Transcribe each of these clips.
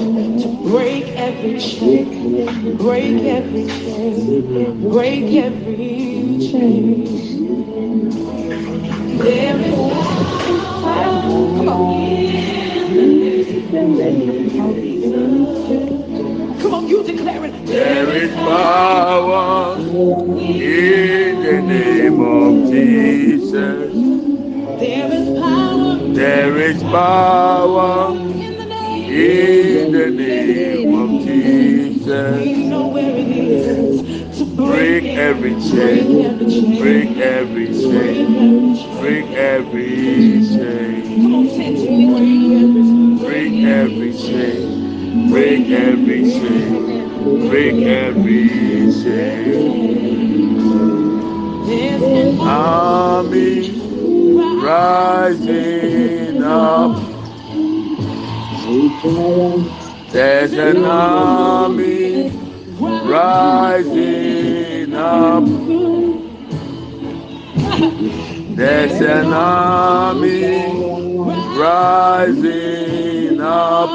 to break every chain, break every chain, break every chain. Come on, you declare it. There is power in the name of Jesus. There is power. There is power. There's an army rising up. There's an army rising up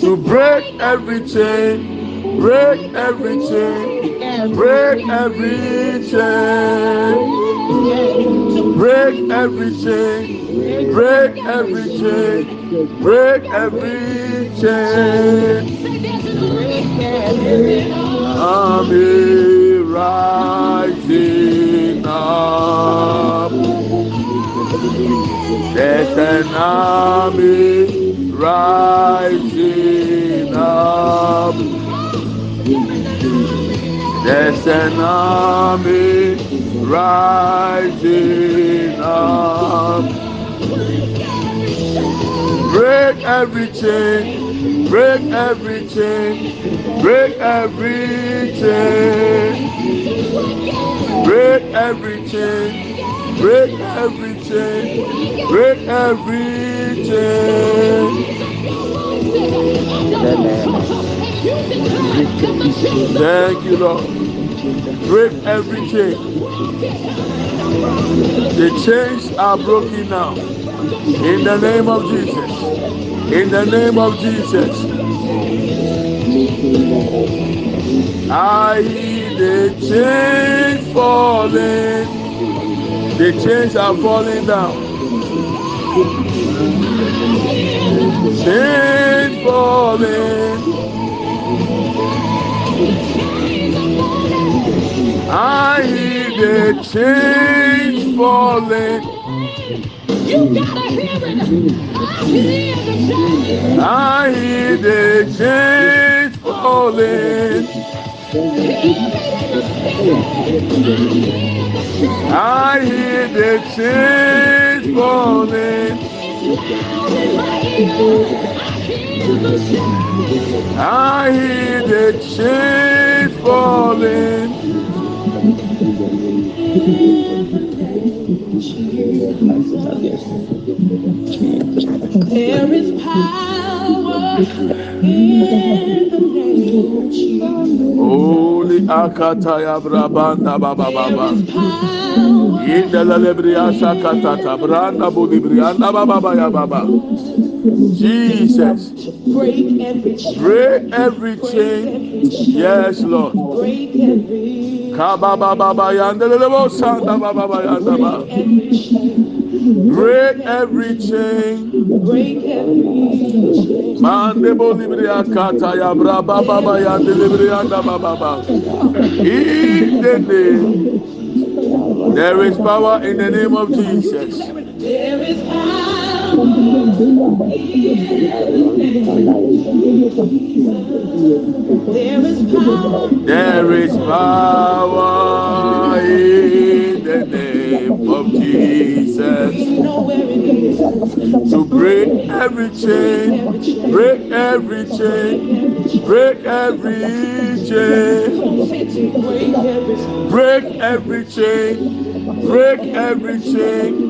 to break every chain, break every chain, break every chain, break every chain. Break every chain. Break every chain. I'm rising up. There's an army rising up. There's an army rising up. Break every chain. Break every chain. Break every chain. Break every chain. Break every chain. Break every chain. Thank you, Lord. Break every chain. The chains are broken now. In the name of Jesus. In the name of Jesus. I the chains falling. The chains are falling down. Chains falling. I the chains falling. You gotta hear it. I hear the chains falling. I hear the chains falling. I hear the chains falling. There is power in the name of Jesus. Holy Akata Brabanda Baba Baba. Yinda la lebria sakata branda budibrianda baba baba ya baba. Jesus. Break every chain. Break every chain. Yes, Lord. Break every Break every chain. Break every chain. Mande bolibria kata ya braba baba ya delibria da baba baba. In the name, there is power in the name of Jesus. There is power. There is power in the name of Jesus to break every chain, break every chain, break every chain, break every chain, break every chain.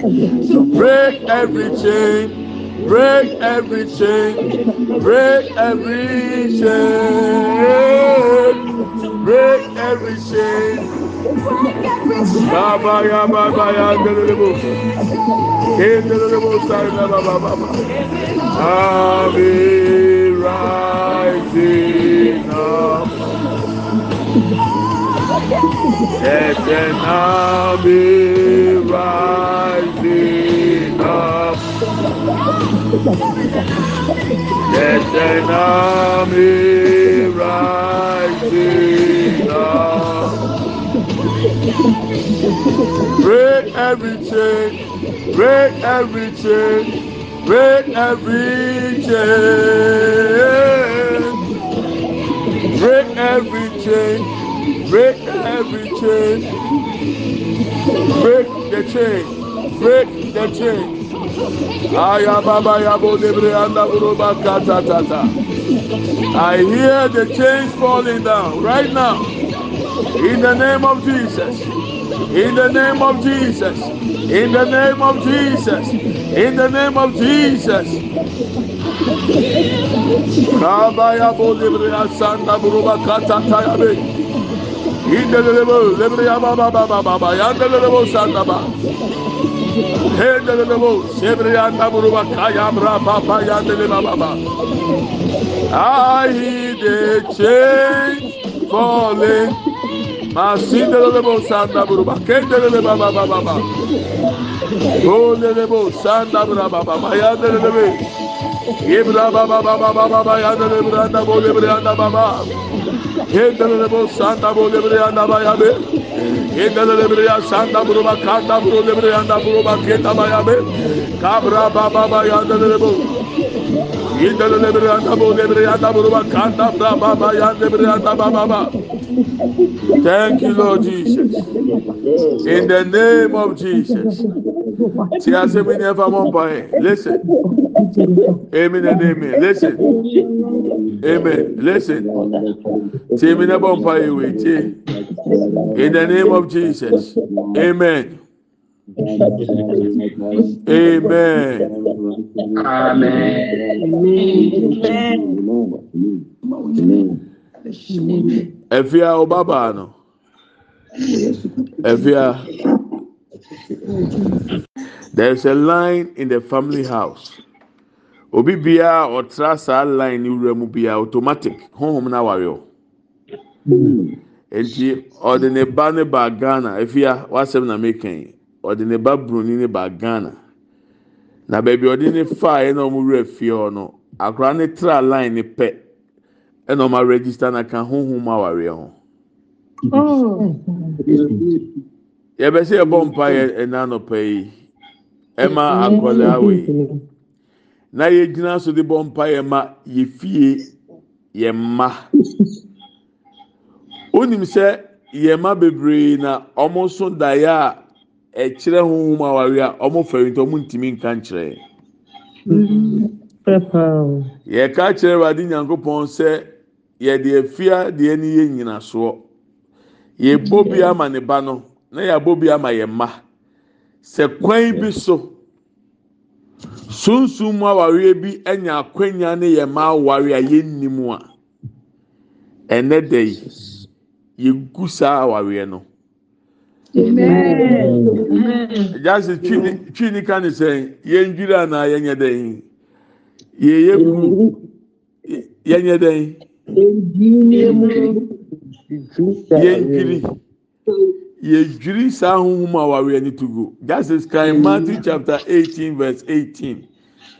So break every chain, break every chain, break every chain, break every chain. Baba ya baba ya ndelelebo, ndelelebo sari na baba baba. I'll be rising up. Let army up. Let army up. Break every chain, break every chain, break every chain. Break every chain, break every chain. Break the chain. Break the chain. Aya baba yabo debre and kata tata. I hear the chains falling down right now. In the name of Jesus. In the name of Jesus. In the name of Jesus. In the name of Jesus. Kabaya bodi bre buruba kata tayabe. İndelele bu, lebriya baba baba baba, yandelele sandaba. Hendelele bu, sebriyan da buru kayamra baba, yandele baba baba. I hear change falling. Masindelele sanda buru bak, kendelele baba baba baba. Olele bu sanda bura baba baba, yandelele baba baba baba baba, yandelele bu, yanda bu, baba. Kabra baba bra baba baba. Thank you Lord Jesus. In the name of Jesus. She has a mini ever one by. Listen. Amen and amen. Listen. Amen. Listen. Team in a bumpy In the name of Jesus. Amen. Amen. Amen. Amen. Efia Obabano. Efia. there is a line in the family house obi biara ọtra saa line ni wura mu bia automatic honhom na awari o eti ɔde ne ba ne ba ghana efia wasɛm na mekan ɔde ne ba broni ne ba ghana na beebi ɔde ne fa ɛna ɔmo wura fie hɔ akora ne tra line ne pẹ ɛna ɔmo aregister na ka honhom awari ọ. Oh. yɛbɛsɛ yɛbɔ mm-hmm. mpa yɛ nanɔpɛ yi ɛma mm-hmm. akɔlaa mm-hmm. wei na yɛgyina so de bɔ mpa yɛ ma yɛfie yɛ mma wonim sɛ yɛ mma bebree na ɔmo nso daeɛ a ɛkyerɛ honhom awari a ɔmo fɛri nti ɔmo ntumi nka nkyerɛ yɛka kyerɛ awurade nyankopɔn sɛ yɛde efia deɛ ne yɛ nyinasoɔ yɛbɔ bi ama ne ba no na yɛabɔ bi ama ya mma sɛ kwan bi so sunsum mu awareɛ bi nya akwanya ne yɛ mma aware a yɛnnim a ɛnɛ e da yi yɛgu saa awareɛ no gyase twi nika ne sɛn yɛndwiri anaa yɛnyɛ dɛn yɛyɛ kuru yɛnyɛ dɛn yɛndwiri yɛdwiri saa ahohom a wawe ani to go just as kan matthew chapter eighteen verse eighteen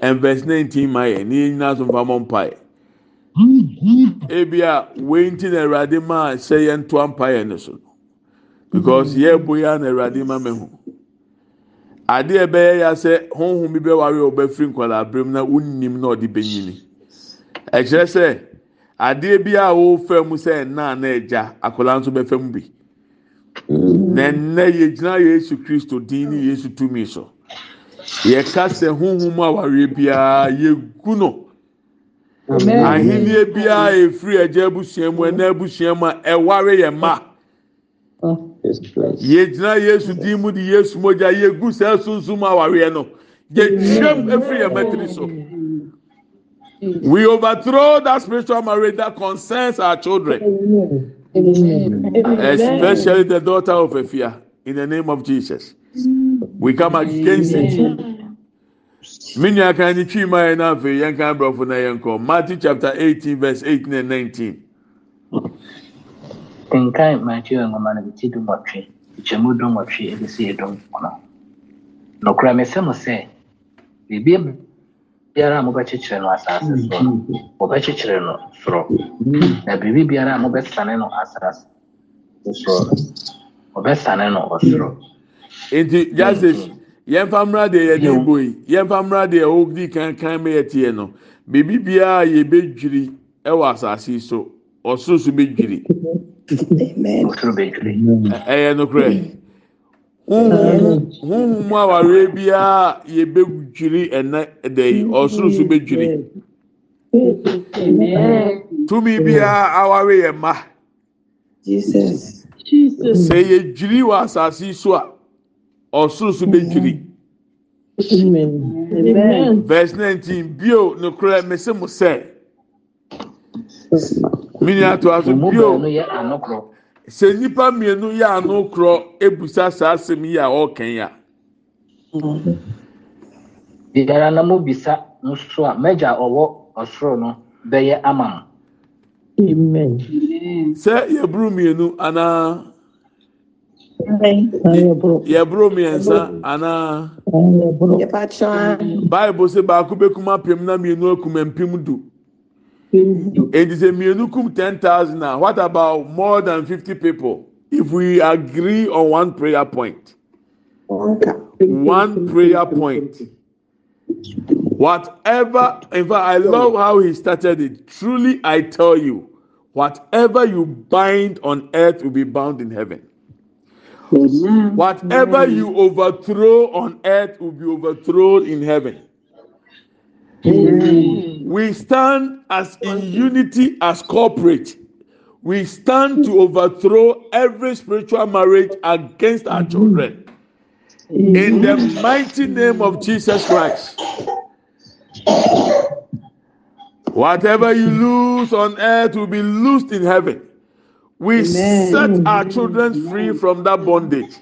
and verse nineteen ma yɛ ne yɛn nyinaa so nfa mɔ mpa yɛ ebi a wei ti na awurade ma hyɛ yɛn to mpa yɛ ne so because yɛ bo ya na awurade ma mɛ ho adeɛ bɛyɛ ya sɛ honhom bi bɛ wawe ɔbɛ firi nkwadaa abirim na wonim na ɔde bɛ nyini ɛkyerɛ sɛ adeɛ bi a wofɛ mu sɛ ɛnaa na ɛgya akwadaa nso bɛfɛ mu bi. na nnɛ yɛgyina yesu kristo din ne yesu tumi so yɛka sɛ honhom awareɛ biara yɛgu no ahenniɛ biara ɛfiri agya abusua mu ɛna abusua mu a ɛware yɛ ma oh, yɛgyina yesu din mu de yesu mogya yɛgu saa sunsum awareɛ no yɛtwam efiri yɛ matiri so we overthrow that spiritual marriage that concerns our children Especially the daughter of Ephia, in the name of Jesus. We come against it. Minya kan ni twi ma na afi yɛn kan brɔfo na yɛn kɔ Matthew chapter eighteen verse eighteen and nineteen. Nkan Matthew ngoma na ti dum ɔtwe, kyɛmu dum ɔtwe, ebisi edum kɔnɔ. Nokura mesɛ mo sɛ, biara a mobɛkyekyere no asase mm, soɔ no wɔbɛkyekyere mm, mm. no soro na biribi biara a mobɛsane no asase soɔ no wɔbɛsane no ɔsoro nti jases yɛmfa mmra deɛ yɛde bɔ yi yɛmfa mmra deɛ ɔdi kankan mɛ yɛteɛ no biribi biara yɛbɛdwiri ɛwɔ asase so ɔsoro so bɛdwiri ɔsoro bɛdwiri ɛyɛ nokorɛ. huhu mu awaare biara yɛbɛdwiri ɛnɛ ɛdɛ yi ɔsoro so bɛdwiri tumi biara awaare yɛ ma sɛ yɛdwiri wɔ asaase yi so a ɔsoro so bɛdwiri verse nineteen bio nukura mese mo sɛ mini ato aso bio. sɛ nnipa mmienu yɛ ano korɔ ebusa saa asɛm yi a ɔrekɛn a. biara na mo bisa no so a mɛgya ɔwɔ ɔsoro no bɛyɛ ama no. amen. sɛ yɛburu mmienu anaa. yɛboro mmiɛnsa anaa. yɛboro. bible sɛ baako bɛkum apem na mmienu akum mpem du. It is a Mienukum 10,000 now. What about more than 50 people? If we agree on one prayer point, one prayer point, whatever, in fact, I love how he started it. Truly, I tell you, whatever you bind on earth will be bound in heaven. Whatever you overthrow on earth will be overthrown in heaven. We stand as in unity as corporate. We stand to overthrow every spiritual marriage against our children. In the mighty name of Jesus Christ. Whatever you lose on earth will be loosed in heaven. We Amen. set our children free from that bondage.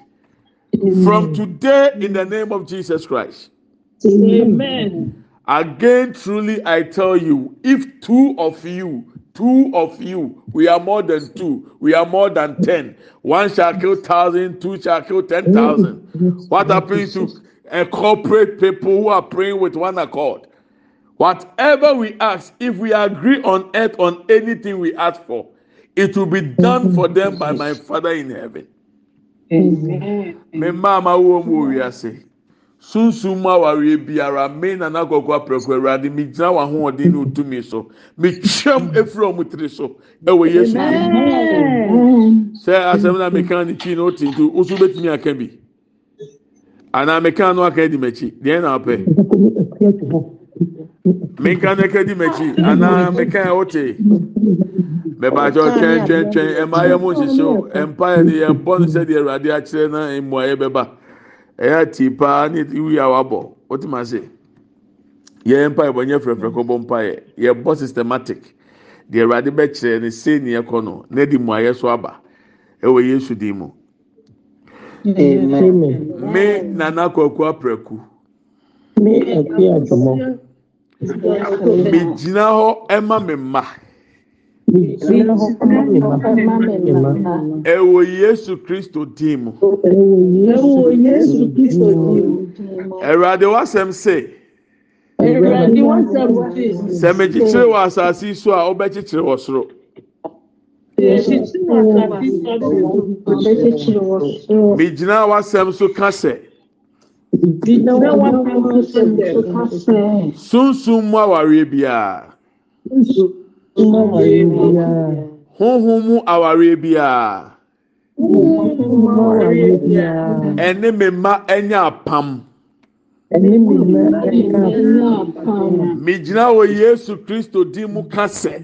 From today, in the name of Jesus Christ. Amen. Again, truly I tell you, if two of you, two of you, we are more than two, we are more than ten. One shall kill thousand, two shall kill ten thousand. What happens to a corporate people who are praying with one accord? Whatever we ask, if we agree on earth on anything we ask for, it will be done for them by my Father in heaven. Amen. mama sunsum e mu awareɛ biara me nana kɔkɔ apɛrɛkɔ awurade me gyina w'ahoɔden ne otumi so me twɛm efiri ɔmo tiri so ɛwɔ yesu sɛ asɛm na e meka ne kyi na o ti ntu o so betumi aka bi anaa meka no aka di m'akyi deɛ na apɛ meka no aka di m'akyi anaa meka yɛ o te bɛbaatɛ ɔtwɛn twɛn twɛn ɛmaa yɛ mo nhyehyɛ o ɛmpa yɛ de no sɛ awurade akyerɛ na yɛ bɛba. ɛyɛ ati paa ne wia wabɔ wotu ma se yɛn mpa ɛbɔ nyɛ fɛrɛfɛrɛ kɔ bɔ mpa yɛ yɛbɔ systematic deɛ ɛwurade bɛkyerɛ ne se ne ɛkɔ no ne di mu ayɛ so aba ɛwɔ yesu di mu. me nana kwaku apɛku. me ɛkú àjọmọ. me gyina hɔ ɛma me ma. Ẹ̀wọ̀ Yéṣu Kristo m. Kristo dín mu. Ẹ̀rọ̀adé wá sẹ́m sè. Ẹ̀rọ̀adé kyikyiri wọ asase so a ọbẹ̀ kyikyiri wọ soro. Mi gyina Sunsun mu honhom mu awareɛ biara ɛne me mma anya apam megyina wo yesu kristo din mu ka sɛ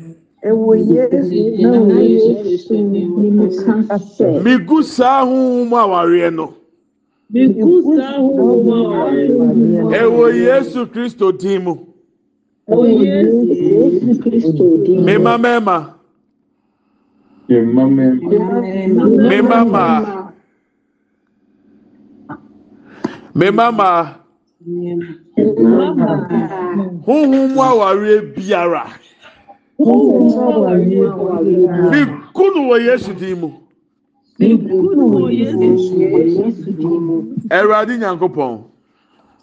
megu saa honhom mu awareɛ no e wo yesu kristo din mu Mema mema. Mema ma. Mema ma. Huhu mu awareɛ biara. Biku nu wɔ Yesu din mu. Ɛwurade nyankopɔn.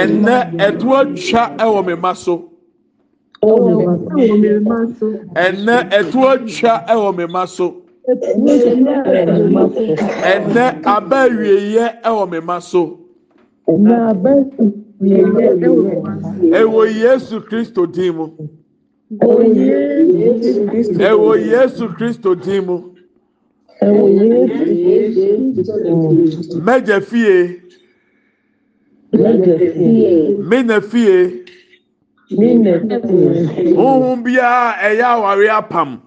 ɛnɛ ɛduro atwa ɛwɔ mi ma so ɛnɛ ɛduro atwa ɛwɔ mi ma so ɛnɛ abɛ wieyɛ ɛwɔ mi so ɛwɔ yesu kristo din mu ɛwɔ yesu kristo din mu mɛjɛ fie me na fie honhom biara ɛyɛ aware apam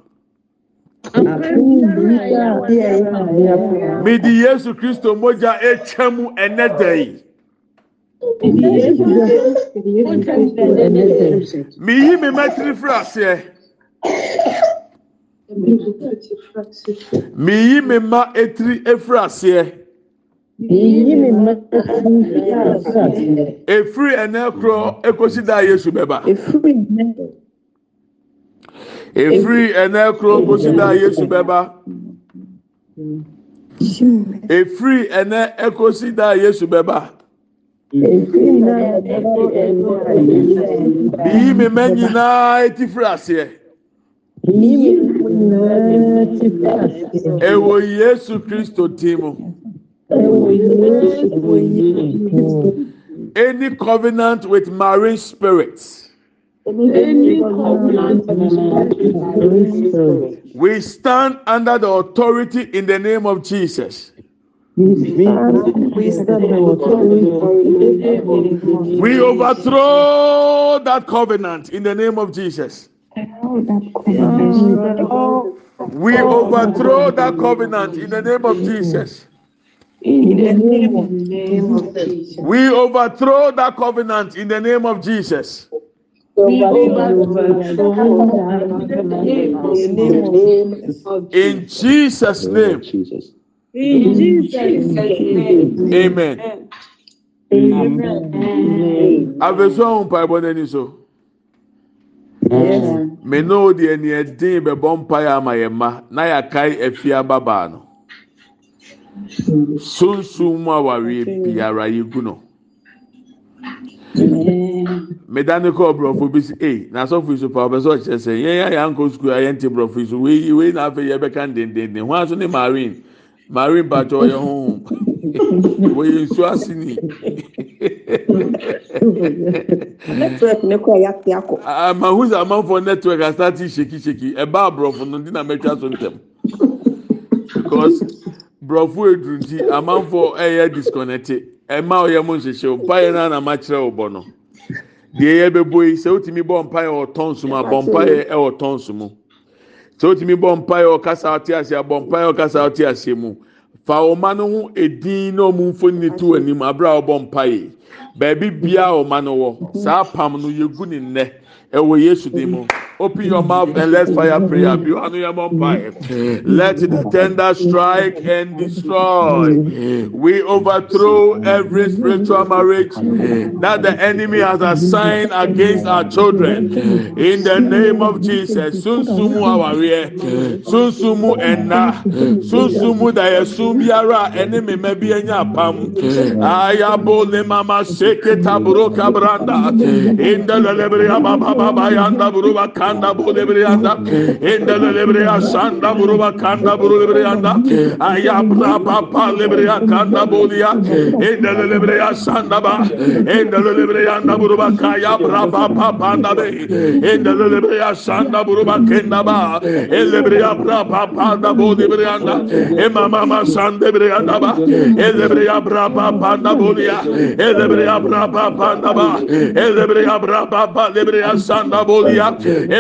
mede yesu kristo mogya ɛtwa mu ɛnɛ da yi meyi me mmatiri firi aseɛ meyi me mma etiri efiri aseɛ efiri ɛnɛ korɔ ekosi da yesu bɛba efiri ɛnɛ korɔ ekosi da yesu bɛba efiri ɛnɛ ekosi da yesu bɛba biyi mi mɛ nyinaa eti firi aseɛ. Ewo Yesu Kristo ti mu. Any covenant with marine spirits. We stand under the authority in the name of Jesus. We overthrow that covenant in the name of Jesus. We overthrow that covenant in the name of Jesus. In the name of, Jesus. We overthrow that covenant in the name of Jesus. In Jesus' name. In Jesus' name. Amen. Amen. Abẹ́sọ̀ ọ̀hún pa ẹ̀bọ Amen. so. Mẹ́nà òdi ẹni ẹ̀dín bẹ̀bọ̀ mpa yà àmà yẹ̀ mma náà yà ká ẹ̀fí ababaa nù. No. sunsun mu awareɛ biara yɛgu no medane kɔ borɔfo bi si ee eh, n'asɔfo yi so pa ɔbɛ sɛ ɔkyerɛ sɛ yɛn yɛ yɛn nkɔ sukuu yɛn ti borɔfo yi so wei wei na afei yɛbɛka ndendenden ho aso ne marine marine batɔ yɛ ho wɔyɛ nsu ase ni. network ne kɔ amanfo network asate ɛbaa no di na mɛtwa so ntɛm because. borɔfo eduru nti amanfo ɛyɛ disconnecte ɛma ɔyɛ mo nhyehyɛ o mpaeɛ no ana makyerɛ ɔbɔ no deɛ yɛ bɛbɔ yi sɛ wotumi bɔ mpaeɛ wɔ tɔnsom a bɔ mpaeɛ ɛwɔ tɔnsom mu sɛ wotumi bɔ mpa wɔ ɔkasa ɔte ase abɔ mpa mpaeɛ ɔkasa ɔte ase mu fa ɔma no ho edin na ɔmo mfoni tu anim abira a ɔbɔ yi baabi bia ɔma no wɔ saa pam no yɛgu ne nnɛ ɛwɔ yesu de mu. Open your mouth and let's fire prayer. Let the tender strike and destroy. We overthrow every spiritual marriage that the enemy has assigned against our children. In the name of Jesus. Sunsumu awareɛ. Sunsumu ɛnna. Sunsumu dayesu biara ɛne mɛmɛ bi ɛnya apam. Ayabo ne mama seke taburo kabranda. Indelelebere abababa yanda buru kan. yanda bu lebriyanda endele lebriya sanda buruba kanda buru lebriyanda ayabra papa lebriya kanda buliya endele lebriya sanda ba endele anda buruba kaya brapa papa da be endele lebriya sanda buruba kenda ba elebriya brapa panda bu lebriyanda emama ma sande briyanda ba elebriya brapa panda buliya elebriya brapa panda ba elebriya brapa panda lebriya sanda buliya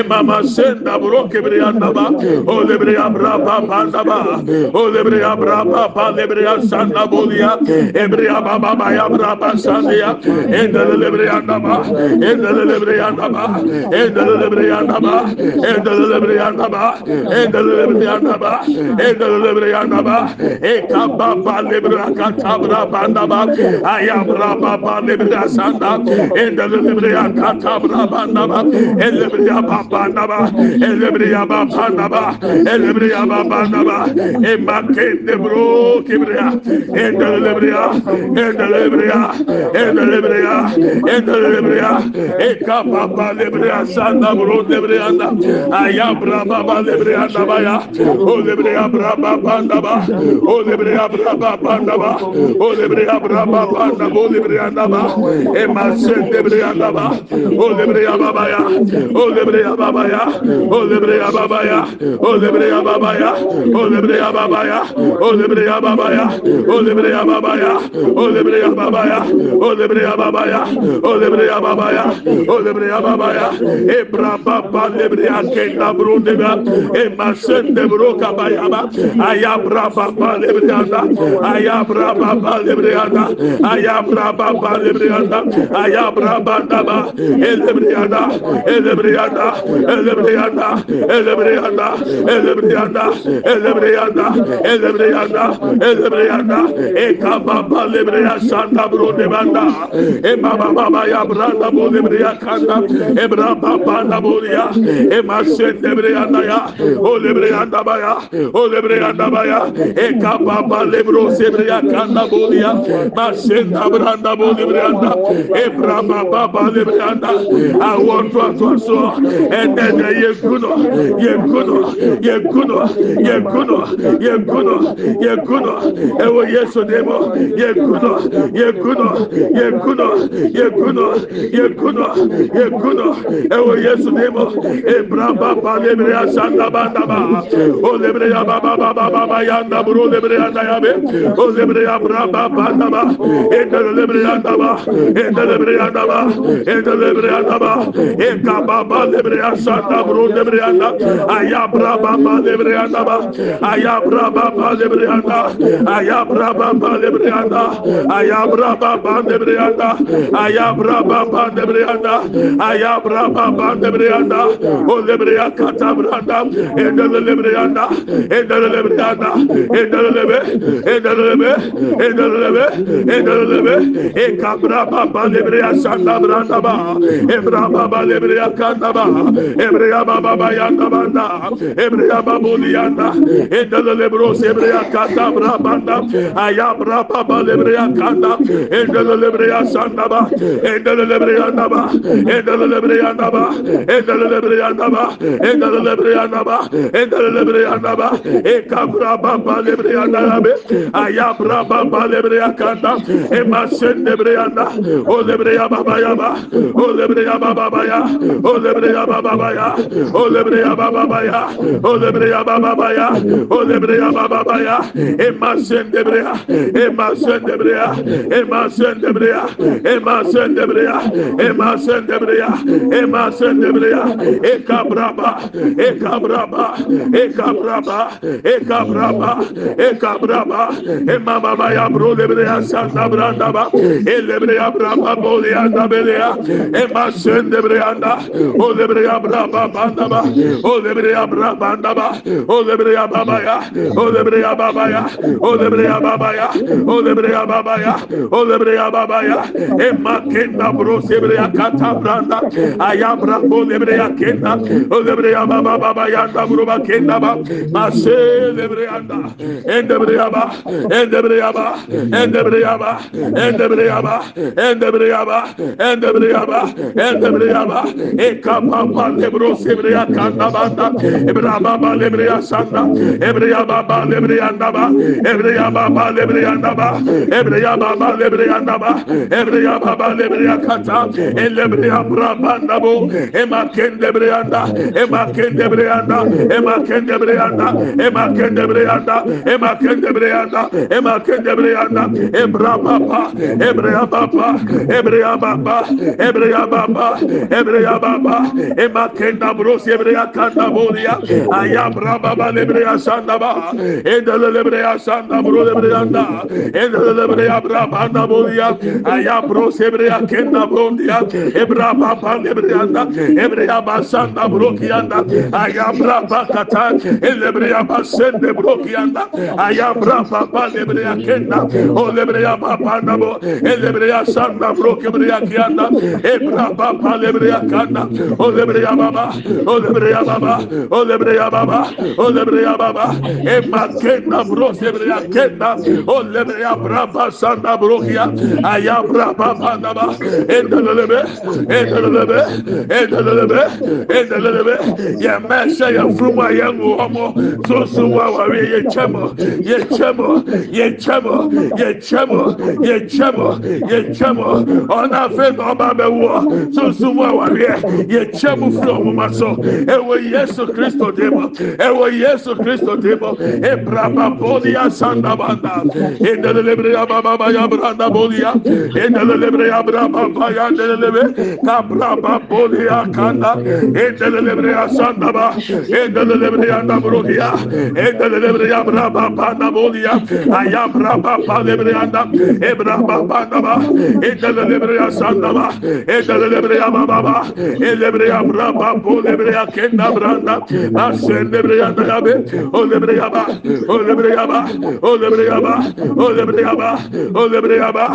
mama senda broke bre anda ba o lebre abra pa panda ba o lebre abra pa pa lebre sanda bolia ebre aba ba ba ya abra pa sandia enda lebre anda ba enda lebre anda ba enda lebre anda ba enda lebre anda ba enda lebre anda ba enda lebre anda ba e ka ba ba lebre ka ta bra banda ba ayabra ba ba lebre sanda enda lebre anda ta bra banda ba enda lebre ba bandaba, elebriya ba bandaba, elebriya ba bandaba, emma kende bro kibriya, ende elebriya, ende elebriya, ende elebriya, ende elebriya, eka baba lebriya sanda bro lebriya da, aya bra baba lebriya da baya, o lebriya bra baba bandaba, o lebriya bra baba bandaba, o lebriya bra baba bandaba, o lebriya da ba, emma sende lebriya da ba, o lebriya baba ya, o lebriya abaya olebryababaya olebreyababaya olebreababaya olerabaa lerabaya olebrababaya ebrababalebreakenabroneba e masendebro kabayaba ayabrababalebriada ayabrababalebriada ayabrababalebrada ayabrabadaba elebriyada elebriyada ele breyanda elebreyanda elebryanda elebreyanda ele breyanda elebreyanda ekababale breya sanda bronebanda emabababaya brandabolebreya kanda ebrababanda bodiya emasende ebreyandaya ole breyandabaya olebreyandabaya ekababale brosebreya kanda bodiya masenda branda bole breyanda ebrabababale bryanda awɔtɔatuasɔɔ Enene yekuno, yekuno, yekuno, yekuno, yekuno, yekuno. Ewo Yesu demo, yekuno, yekuno, yekuno, yekuno, yekuno, yekuno. Ewo Yesu demo, Baba palebre asanda bandaba. O lebre baba baba baba yanda bro lebre yanda yabe. O lebre ya braba bandaba. Ende lebre yanda ba. Ende lebre yanda ba. Ende lebre yanda ba. baba lebre Aya sanda bro debriyanda. Aya bra baba debriyanda ba. Aya bra baba debriyanda. Aya bra baba debriyanda. Aya bra baba debriyanda. Aya bra baba debriyanda. Aya bra baba debriyanda. O debriya kata branda. Endele debriyanda. Endele debriyanda. Endele lebe. Endele lebe. Endele lebe. Endele lebe. E kabra baba debriya sanda branda ba. E bra baba debriya kanda ba. ebreyabababayanabana ebreyababliyana endələle brosi ebreya kadabrabanna ayabrababale breyakanda endələle breyasanaba endlle breyanaba endlle breyanaba edlraddranaba ekabrababale breanaabe ayabrababaleebreya kanda emaseneebreyana ole breaa baba ya. Olebre ya baba ya. Olebre ya baba ya. Olebre ya baba ya. Emma sendebre ya. Emma sendebre ya. Emma sendebre ya. Emma sendebre ya. Emma sendebre ya. Emma sendebre ya. Eka braba. Eka braba. Eka braba. Eka braba. Eka braba. Emma baba ya bro lebre ya sanda branda ba. Elebre ya braba boli anda bele ya. Emma sendebre anda. Olebre ya abra banda ba ole bre abra banda ba ole bre baba ya ole bre baba ya ole bre baba ya ole bre baba ya ole ya e ma ke na bro se bre akata branda aya bra ole bre akenda ole bre baba baba ya da bro ba kenda ba ma se anda ende bre aba ende bre aba ende bre aba ende bre aba ende bre aba ende bre aba ende bre aba e mande bro sebreya kanda banda ebra baba lebreya sanda ebreya baba lebreya ndaba ebreya baba lebreya ndaba ebreya baba lebreya ndaba ebreya baba lebreya kata elebreya bra banda bo ema kende breya nda ema kende breya nda ema kende breya nda ema kende breya nda ema kende breya nda ema kende breya nda ebra baba ebreya baba ebreya baba ebreya baba ebreya baba Lema kenda brosi ebreya kanda bolia. Ayam rababa lebreya sanda ba. Endele lebreya sanda bro lebreya da. Endele lebreya brabanda bolia. Ayam brosi ebreya kenda bondia. Ebra baba lebreya da. Ebreya basanda brokia da. Ayam braba kata. Elebreya basende brokia da. Ayam braba baba lebreya kenda. O lebreya baba da bo. Elebreya sanda brokia lebreya kianda. Ebra baba lebreya kanda. O lebreya bryababa emakena brosebreya kena olebre ya braba sandabrohia ayabrababandaba dllebe yɛ mɛsɛ yɛ fruma yɛɔmɔ susuwawawiɛ yɛɛm ɛɛmu ɔnafenɔbabɛɔ susumawawɛ yɛ mu firi ɔmo ma so ɛwɔ yesu kristo de mu ɛwɔ yesu kristo de mu ebraba boliya sanda banda edelelebre ya baba ba ya branda boliya edelelebre ya braba ba ya delelebe kabraba boliya kanda edelelebre ya sanda ba edelelebre ya da boliya edelelebre ya braba ba da boliya ayabra ba ba lebre ya da ebraba ba da ba edelelebre ya sanda ba edelelebre ya baba ba elebre ya baeabnaaendlebraba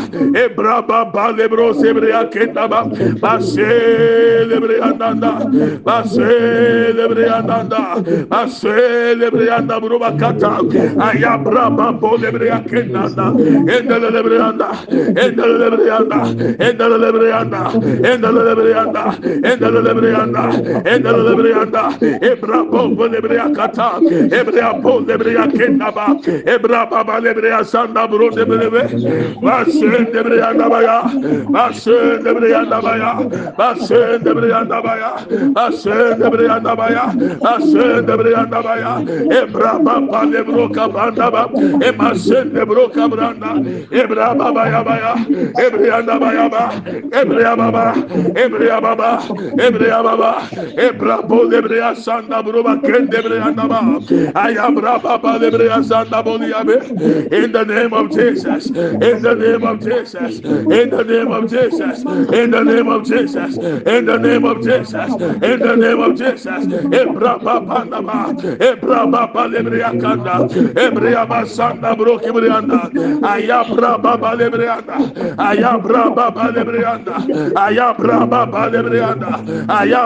ebrababalebrozebreakendaba baselebreannda baebrn baslebreandabróbakata aya brababolebreakedanda debrd yanda, endala lebre yanda, ebra bombo lebre yakata, ebre apo lebre yakendaba, ebra baba lebre yasanda bro lebre be, basın lebre yanda baya, basın lebre yanda baya, basın lebre yanda baya, basın lebre yanda baya, basın lebre yanda baya, ebra baba lebro kabanda ba, emasın lebro kabranda, ebra baba ya baya, ebre yanda baya ba, ebre ya baba, ebre ya Braba, Ebrabo Lebrea Sanda Bruba Kendebrea Nama, I am Rababa Lebrea Sanda Boliabe, in the name of Jesus, in the name of Jesus, in the name of Jesus, in the name of Jesus, in the name of Jesus, in the name of Jesus, Ebraba Pandama, Ebraba Lebrea Kanda, Ebrea Sanda Broki Brianda, Ayabra Baba Lebreanda, Ayabra Baba Ay Ayabra Baba Lebreanda, Ay.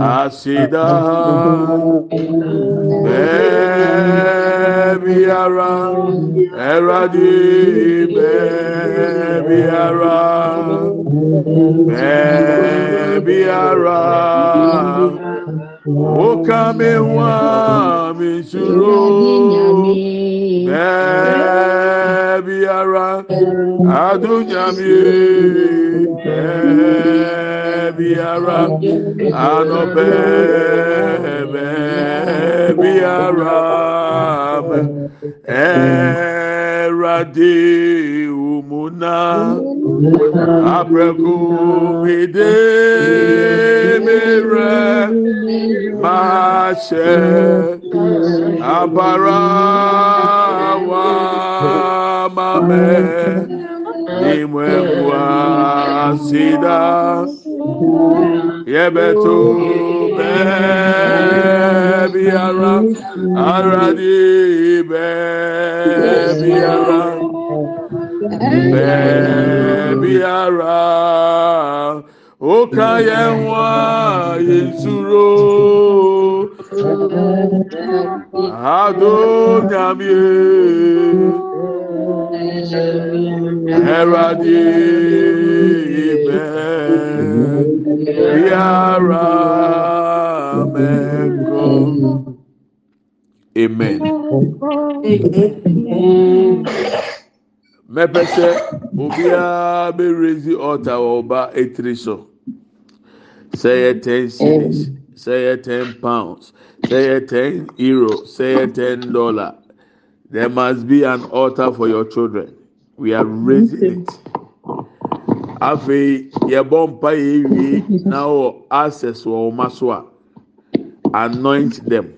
a Bebiara, Eradi, Bebiara, Bebiara, o caminho me jurou bebe ara adunyami bebe viara anọbe me viara me eradiumuna apreko mide mere mace apara wa mae imwenwa sida yebeto be bịara aradi bebịara be bịara okayenwa ye nzuro adonyamie Ẹ̀rọ̀dì ìbẹ̀ yàrá mẹ́kọ̀. Amen. Mẹ́pẹ́ sẹ́, obiara bẹ́ rẹ́sí ọ̀tá ọba etiri sọ. Sẹ́ ten series, sẹ́ yẹ ten pounds, sẹ́ yẹ ten euro, sẹ́ yẹ ten dollar. There must be an altar for your children. We are raising it. afei yɛbɔ mpa yɛwie na wɔ access wɔ wɔn so a anoint them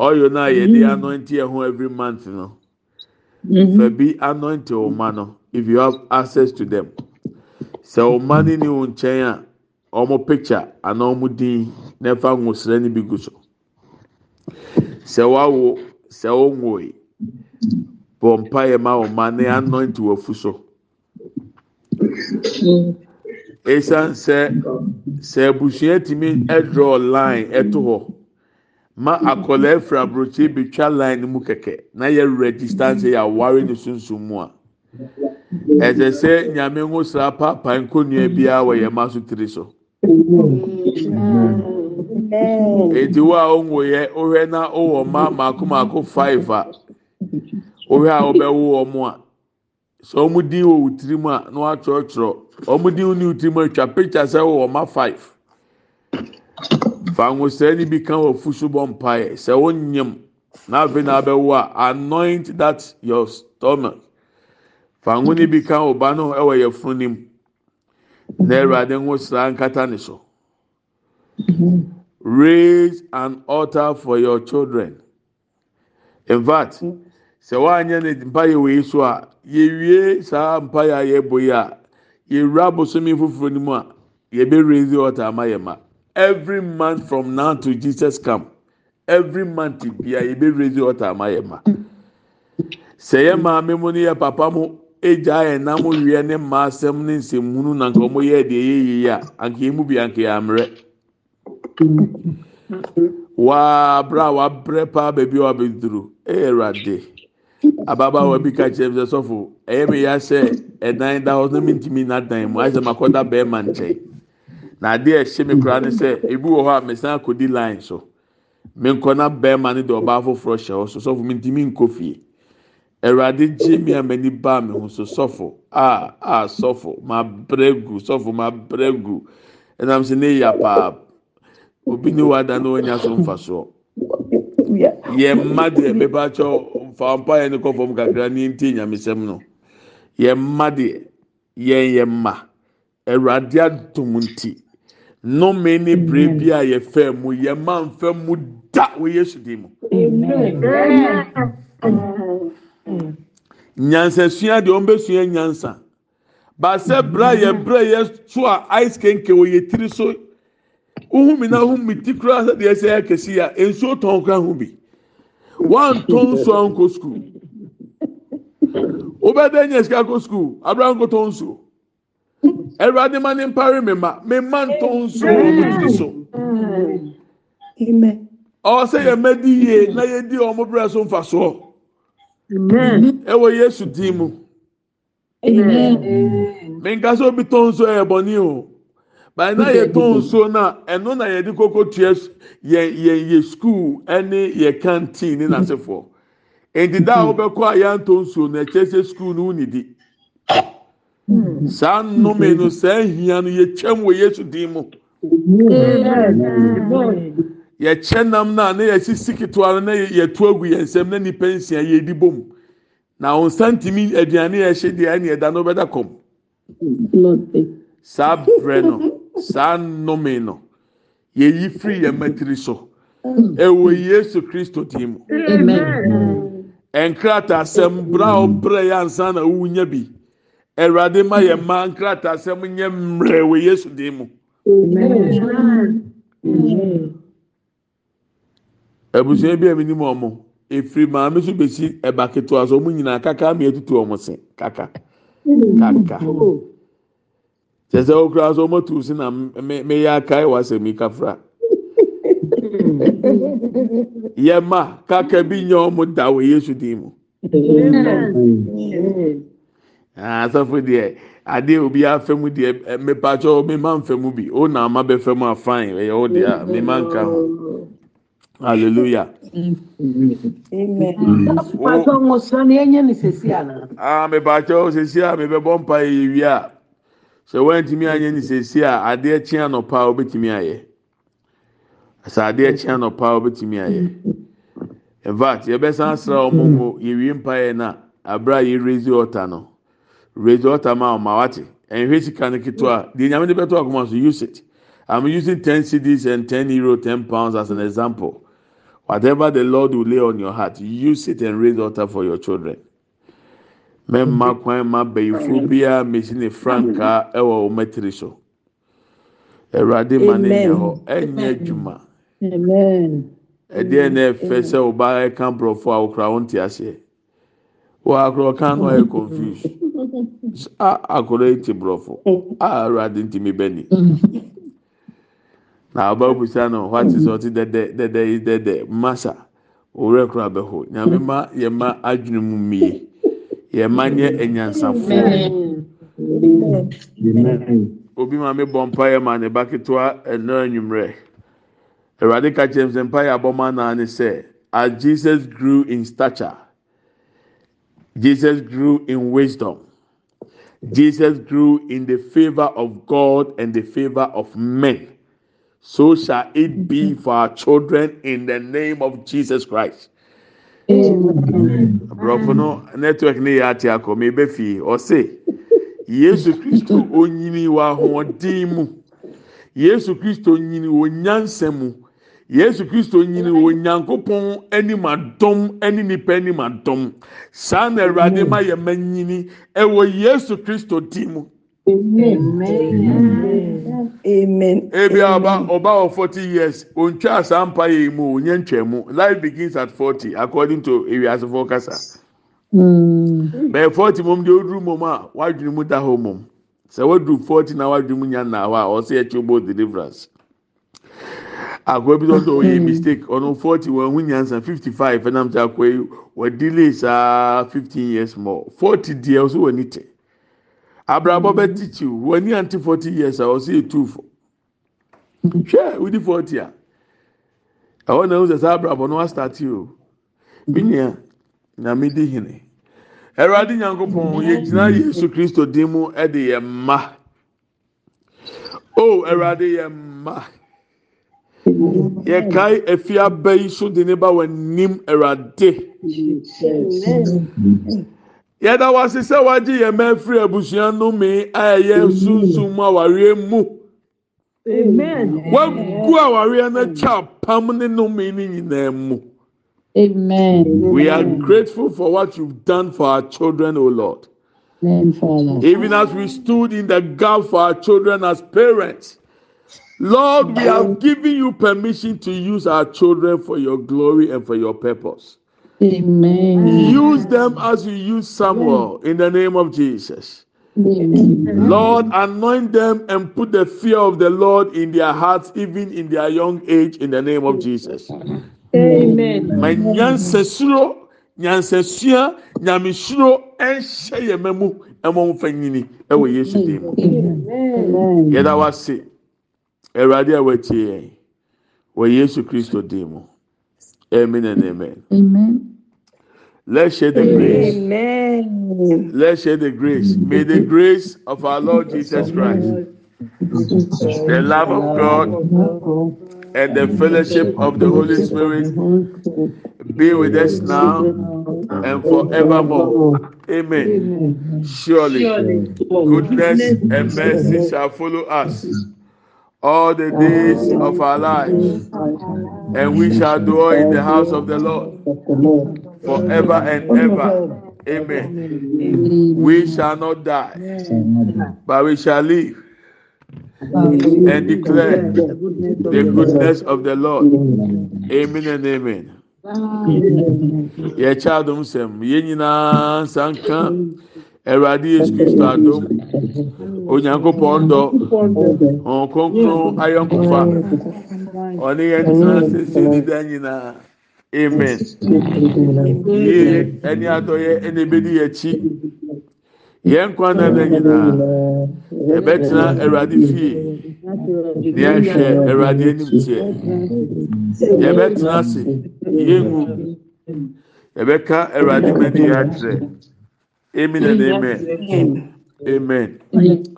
oil you yɛde anoint yɛn ho every month you know. Mm-hmm. fabi anoint your man, no if you have access to them sɛ wɔn ma ne ne wɔn nkyɛn picture anaa wɔn din na ɛfa nwosire no bi gu so sɛ bɔ mpaeɛ ma wɔn ma ne anoint wɔ fu so mm. esan sɛ sɛ abusua tumi ɛdraw line ɛto hɔ ma akɔla efra aburokyi betwa line mu kɛkɛ na yɛ register sɛ yɛ aware ne sunsun mu a ɛsɛ sɛ nyame ho sra paapa nkonnwa biara wɔ yɛn ma so tiri so. Eti wo a onwoyɛ ohwɛ na owɔ ma mako mako five a. wohwɛ a wobɛwo wɔn a sɛ wɔn din wɔ wɔn tirim a na wɔatwerɛtwerɛ wɔn din ne wɔn tirim atwa picture sɛ wɔn ma five fangosɛɛ ni bi kan wɔ fusu bɔ mpaeɛ sɛ wɔn nyam na afei na abɛwo a anoint that your stomach fango ni bi kan wɔ ba no ɛwɔ yɛ funim na ɛwurade ho sra nkata ne so. Raise an altar for your children. In fact, sɛ wanyɛ ne mpaeɛ wɔ yi so a yɛwie saa mpaeɛ a yɛbɔ yi a yɛwura bosomi foforɔ no mu a rezi ɔta ama yɛ ma every from now to jesus come every month bia yɛbɛraise ɔta ama yɛ ma sɛ yɛ maame mu ne papa mu egya nam wiɛ ne mmaa ne na nka wɔn yɛ deɛ yɛyɛ yi a anka yɛn bi anka yɛ waa abira waa paa baabi a wabɛduru ɛyɛ ɛwurade. ababaawa bi ka kyerɛ sɛ sɔfo ɛyɛ mi ya sɛ ɛdan da hɔ na mi ntumi na dan mu ayɛ sɛ ma kɔ da bɛrima nkyɛn na adeɛ a ɛhyɛ mi kora ne sɛ ebi wɔ hɔ a mesan akɔdi line so mi nkɔ na bɛrima ne de ɔbaa foforɔ hyɛ hɔ so sɔfo mi ntumi nkɔ fie ɛwurade gye mi a m'ani baa mi ho so sɔfo a a sɔfo ma brɛ gu sɔfo ma brɛ gu ɛnam sɛ ne ya paa obi ne wa da na wɔnya so nfa soɔ yɛ mma deɛ bɛbɛ akyɛ nfa mpa yɛn no kɔ fam kakra ne nti nyamesɛm no yɛ mma deɛ yɛn yɛ mma awurade atum nti nnome ne bere bi a yɛfɛ mu yɛ mma nfɛ mu da wɔ yesu din mu. nyansasua deɛ ɔmbɛsua nyansa baasa bra yɛ bra yɛ so a ice kenke wɔ yɛ tiri so ohun mi na ohun mi ti kura deɛ ɛsɛ yɛ kɛse a nsuo tɔn kura ho bi. wantɔ nsu a nkɔ sukuu wobɛdɛ nya sika nkɔ sukuu abira nkɔtɔ nsuo ɛwurade ma ne mpare mi ma mi ma ntɔ nso. wɔ mo tiri Ọ ɔsɛ yɛ mɛ di na yɛ di ɔmo brɛ so nfa soɔ ɛwɔ e yesu din mu mi nka sɛ obi tɔ nsuo ɛyɛ e bɔnni o. but na yɛ tɔn nsuo na ɛno na yɛde koko tua yɛ yɛ yɛ sukuu ɛne yɛ kantin ne n'asefoɔ nti da a wobɛkɔ a yɛntɔ nsuo na ɛkyɛ sɛ sukuu no wuni di saa nnome no saa hia no yɛtwam wɔ yesu din mu yɛkyɛ nam na ne yɛsisi ketewa no na yɛtu agu yɛn nsam na nipa nsia yɛdi bom na ɔnsa ntumi aduane yɛhyɛ deɛ ɛne ɛda no ɔbɛda kɔm saa brɛ no. saa nomei no yɛyi firi yɛ matiri so ɛwɔ yesu kristo din mu ɛnkrataasɛm brɛ w brɛ yɛ ansa na wɔwo nya bi awurade ma yɛma nkrataasɛm yɛ mmrɛ wɔ yesu din mu abusua bi a menim ɔ mo ɛfiri maame so bɛsi ɛbaketoa so mo nyinaa kaka maɛtutu ɔ mo se kaka kaka sɛ sɛ wokora s ɔmatoo si na mɛyɛ akaɛ woasɛmikafra yɛma kakɛ binya o m da w yɛsu dini mu asɛfodeɛ adeɛ obiafa m deɛ paat memafa m bi onama bɛfa m afai yɛ wodeɛa memanka aeluyaassia mebɛbɔ mpa yɛyɛwie a sɛ wɔntumi anyɛ ne sɛsi a adeɛ kye anɔpa a wɔbɛtumi ayɛ sɛ adeɛ kye anɔpa a wɔbɛtumi ayɛ infact yɛbɛsan asra wɔn ho yɛwie mpaeɛ na abira yɛ raise water no raise water ma ɔma wate ɛnhwɛ sika no ketewa deɛ nyame de bɛtɔ akoma so use it i'm using ten cds and ten euro ten pounds as an example whatever the lord will lay on your heart use it and raise water for your children. mɛma kwan ma bɛyifoɔ biara mesi ne frankaa ɛwɔ wɔn tiri so awurade ma ne nyɛ hɔ ɛnyɛ adwuma ɛdeɛ na ɛfɛ sɛ ɔbaa ɛka borɔfo a ɔkura wɔn ti aseɛ wɔn akora ɔka no ɔyɛ confused a akora eti borɔfo a awurade ntumi bɛ ni na ɔba obusa no wati sɛ ɔti dɛdɛ dɛdɛ yi dɛdɛ masa owurɛ kora bɛ hɔ nyame ma yɛ ma adwene mu mie. yɛ mma nyɛ anyansafoɔ obi maame bɔ mpaeɛ ma ne ba ketewa ɛnna anwummerɛ awurade ka kyerɛ sɛ mpaeɛ abɔma naa ne sɛ as jesus grew in stature jesus grew in wisdom jesus grew in the favour of god and the favour of men so shall it be for our children in the name of jesus christ. borɔfo no network ne yɛ ateakɔ mebɛ fie ɔ se yesu kristo ɔnyini wɔ ahoɔdin mu yesu kristo nyini ɔ nyansɛm mu yesu kristo nyini ɔ nyankopɔn animadɔm ane nnipa anim adɔm saa na awurade ma yɛ ma nyini ɛwɔ yesu kristo din mu ọba about forty years ontwa asa mpa mu onye nkyɛn life begins at forty according to ewiasefo kasa mm. bɛyɛ forty mom di oduru a wadwene mu da hɔ mom na wadwene mu nya na hɔ a deliverance akɔ bi tɔ mistake ɔno forty wɔn ho 55 fifty five ɛnam sɛ saa fifteen years more forty deɛ ɔso wɔ tɛ. Abraham, abrabọ mm. teach you. wọn ni anti forty years a ọsẹ etu fo hwẹ wudi forty a ɛwɔ na ɛwɔ sɛ abrabọ no asitati o you. nia nyame di hene ɛwurade nyankopɔn yɛgyina yesu kristo din mu ɛde yɛ mma o ɛwurade yɛ mma yɛkae efi aba yi so de ne ba wɔ anim ɛwurade. yɛda wase sɛ wagye yɛ mma me abusua nnome a ɛyɛ sunsum mu awareɛ mu wagu awareɛ no kyɛ apam ne nnome no nyinaa mu Amen. We are grateful for what you've done for our children, O Lord. Amen. Even as we stood in the gap for our children as parents, Lord, we have given you permission to use our children for your glory and for your purpose. Amen. Use them as you use Samuel in the name of Jesus. Amen. Lord, anoint them and put the fear of the Lord in their hearts, even in their young age, in the name of Jesus. Amen. My nyansesuro, nyansesua, nyamisuro, ɛnhyɛ yɛn mɛmu ɛmɔ nfa Amen. ɛwɔ Yesu dim. Yɛda wase, Awurade a wɔatie yɛn, wɔ Yesu Kristo dim. Amen and amen. Amen. Let's share the amen. grace. Amen. Let's share the grace. May the grace of our Lord Jesus Christ, the love of God, and the fellowship of the Holy Spirit be with us now and forevermore. Amen. Surely, goodness and mercy shall follow us all the days of our life and we shall doay in the house of the lord forever and ever amen we shall not die but we shall live and declare the goodness of the lord amen and amen yechadom sem ye nyinasankan eradi yescristo adom onyankopɔn dɔ ɔn ayɔnkofa ɔne yɛn tena sese dida nyinaa amen yie ɛne adɔyɛ ɛna ebedi akyi yɛn kwan na. nyinaa yɛbɛtena awurade fie ne ahwɛ awurade anim teɛ yɛbɛtena ase yɛngu yɛ akyerɛ amen and amen amen. amen.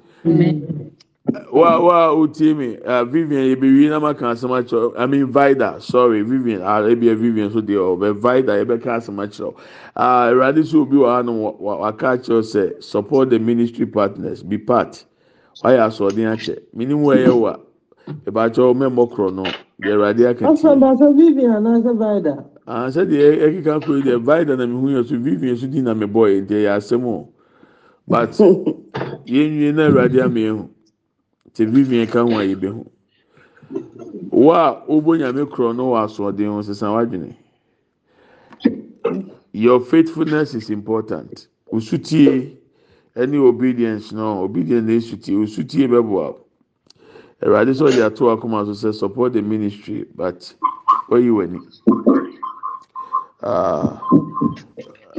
wa wa otie mi uh, vivian ebiwi na ma kan asem akyerɛ i mean vida sorry vivian ah ebi vivian so deɛ ɔbɛ vida yɛbɛ ka asem akyerɛ ah awurade so obi wɔ hanom waka akyerɛ sɛ support the ministry partners be part wayɛ asoɔden akyɛ minimu ɛyɛ wa ebakyɛ ɔmɛ mɔkorɔ no deɛ awurade aka kyerɛ. ɔsɔ dasa vivian anase vida. ah sɛdeɛ ɛkeka e, e kuro deɛ vida na mi hu yɛ so vivian so di na mi bɔ yɛ deɛ yɛ asɛm o. but yɛn nwie na awurade ama yɛn ho te vivian ka ho a yɛbɛ ho wo a wobɔ nyame korɔ no wɔ asoɔden ho sisan wadwene your faithfulness is important osutie ɛne obedience no obedience na esutie osutie bɛboa awurade sɛ ɔde ato akoma so sɛ support the ministry but wɔyi w'ani. Uh,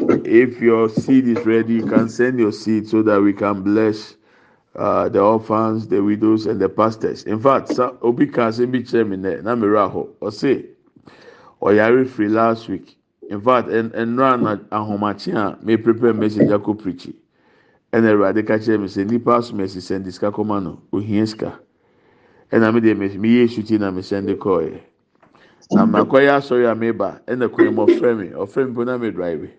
if your seed is ready, you can send your seed so that we can bless uh, the orphans, the widows, and the pastors. In fact, Obi Kase bi Namiraho, mi nɛ na mmiri last week. In fact, and na ahomakye a me prepare message akɔ preachi And awurade ka kyerɛ mi sɛ nipa asoma esi sɛ Uhienska. And I made sika ɛna mi deɛ mi yie esuti na mi sɛ ndi kɔɔ yɛ na mma kɔ yɛ asɔre a ɛna kɔn mu ɔfrɛ mi ɔfrɛ mi po na mi drive.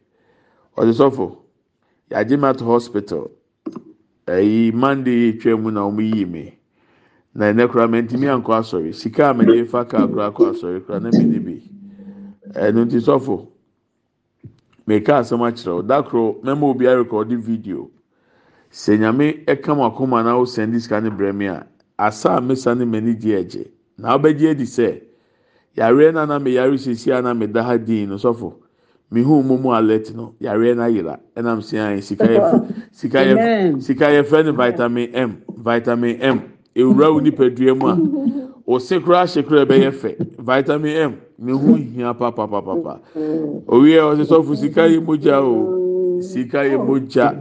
ɔde sɔfo yagye me ato hospital ɛyi mande etwa mu na ọmụ yi mi na ɛnɛ kura mɛ ntumi ankɔ asọrị sika a na fa kaa kura akọ asọrị kura na mɛ de bi ɛnu ti sɔfo mɛka asɛm akyerɛw dakoro mɛma obi ayɔkɔ ɔde video sɛ nyame ɛka mu akoma na ɔsɛn di sika ne brɛ mi a asa a mɛsa ne mɛni di ɛgye na ɔbɛgye adi sị yare na na mɛ yare sisi a na mɛ ha dị no sɔfo. mihu mumu alert no yare na yira ɛnam si an sika yɛ sika yɛ sika yɛ fɛ no vitamin m vitamin m ewura wo nipadua mu a ose kura ahyɛ kura bɛyɛ fɛ eh. vitamin m ne ho hia papapapa owie ɔsi sɔfo sika yɛ mogya o oh. sika yɛ mogya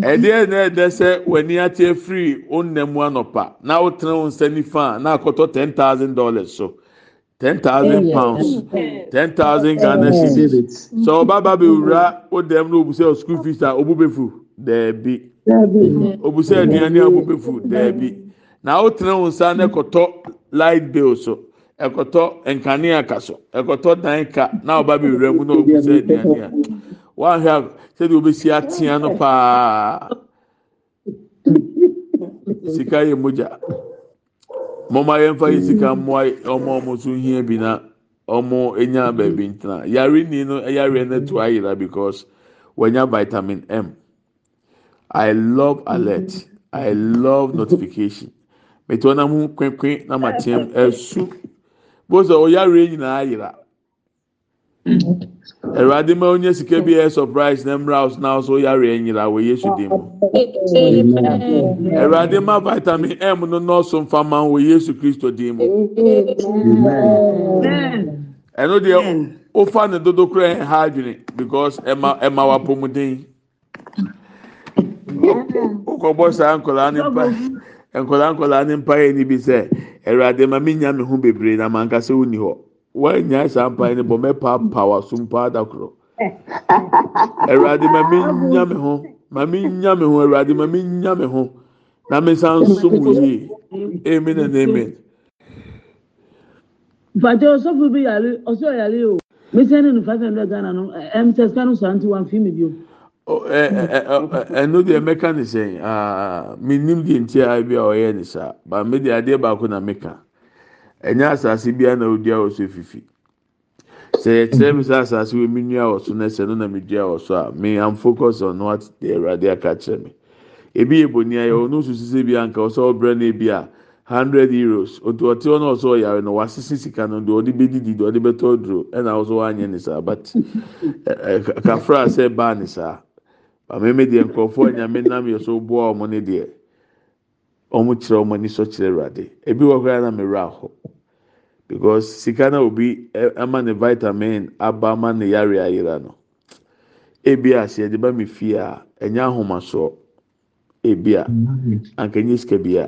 ɛdeɛ na ɛdɛ sɛ w'ani ate afiri wo nna mu anɔpa na wotena wo nsa nifa na akɔtɔ ten thousand dollars so ten thousand pounds ten thousand ghana cedis So, ọba bá bẹ wura ó dẹ̀m ní obùsẹ̀ school fees a ọbú bẹ fu dẹ̀ẹ̀bi obùsẹ̀ aduane a ọbú bẹ fu dẹ̀ẹ̀bi na ó tẹ̀lé wọn nsa ní ẹ̀kọ́tọ́ light bill so ẹ̀kọ́tọ́ nkanea ka so ẹ̀kọ́tọ́ dan ka náà ọba bẹ wura mu náà obùsẹ̀ aduane a wọ́n ahwẹ́ a sẹ́ni obi si atea no paa sika yẹ mogya mọma yɛmfa yi sika mmoa ɔmo ɔmo so hia bi na ɔmo enya baabi ntena yare ni no yare no to ayera because wɔnya vitamin m i love alert i love notification mɛtɛ ɔnam ho kwenkwen na ma teɛm ɛsu bó sɛ ɔyare nyinaa ayera. Mm-hmm. awurade ma onye sika bi yɛ surprise na mmerɛ house na so yare nyina wɔ yesu dim awurade ma vitamin m no nɔɔso nfa ma wɔ yesu kristo dim ɛno deɛ wofa ne dodo kora ɛha adwene because ɛma e ɛma e wapɔmuden wokɔbɔ saa nkɔlaa ne mpa nkɔlaa nkɔlaa ne mpa yɛ ni bi sɛ awurade ma mi nya mi ho bebree na ma nkasa wo ni hɔ. wanya saa mpa ne bɔ mɛpa mpawa pa mpa adakorɔ awurade ma mi nya mi ho ma mi nya mi ho awurade ma mi nya mi ho na mi san so mu yie amen and amen. Bàtẹ ọsọfún bi yàrá ọsọ yàrá o mísẹ́ nínú five hundred Ghana no ẹm tẹ sikanu santi wa fi mi bi o. Ẹnu deɛ mɛka ne sɛn, mi nim deɛ nti a ebi a ɔyɛ ne saa, ba mi de adeɛ baako na mɛka. ɛnyɛ asase biara na odua wɔ so fifi sɛ yɛkyerɛ mi sɛ asase wɔ mi nua wɔ so na sɛ no na mi dua wɔ so a mi am focus on what the awurade aka kyerɛ mi ebi yɛ boni ayɛ wɔn nso sisi bi anka ɔsɛ ɔbrɛ na ebi a hundred euros otu ɔte hɔ na ɔsɛ ɔyare na wasisi sika no deɛ ɔde bɛ didi deɛ ɔde bɛ tɔ duro ɛna ɔsɛ wanyɛ ne saa but kafra sɛ baa ne saa maame deɛ nkorɔfoɔ nyame nam yɛ so boa ɔmo ne deɛ. wɔn kyerɛ wɔn ani kyerɛ awurade ebi wɔ koraa na mmerɛ ahɔ because sika na obi e, ama ne vitamin aba ama ne yare ayera no ebi a sɛ yɛde ba mi a ɛnyɛ ahomasoɔ ebi a anka sika bi a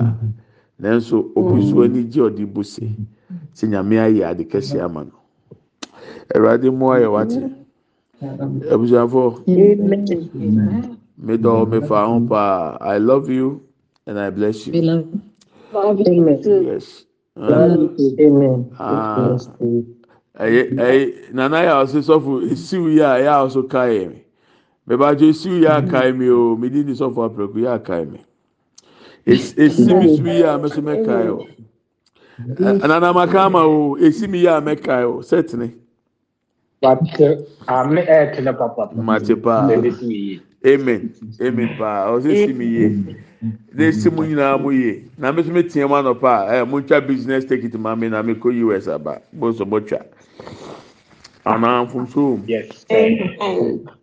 nanso obi nso ani gye ɔde bu se nyame ayɛ ade kɛse ama no awurade mu ayɛ wate abusuafo medɔ mefa ho paa i love you. Ah. nanayɛssf siw yɛ ayɛaso kaɛme mɛbadɔ siw yɛ akae me o medeni sɔfɔ aprɛk yɛakae me simsmyɛ amɛ mɛkaɛ ɔ nanamakama o ɛsim yie a mɛkaɛ ɔ sɛtenemat paa amn amn paaɔsesi me yee nesi mo nyinaa mo ye na me so meteɛ m anɔpaa motwa business taktmame na mekɔ is aba mosɔ mɔtwa anaa fom soo m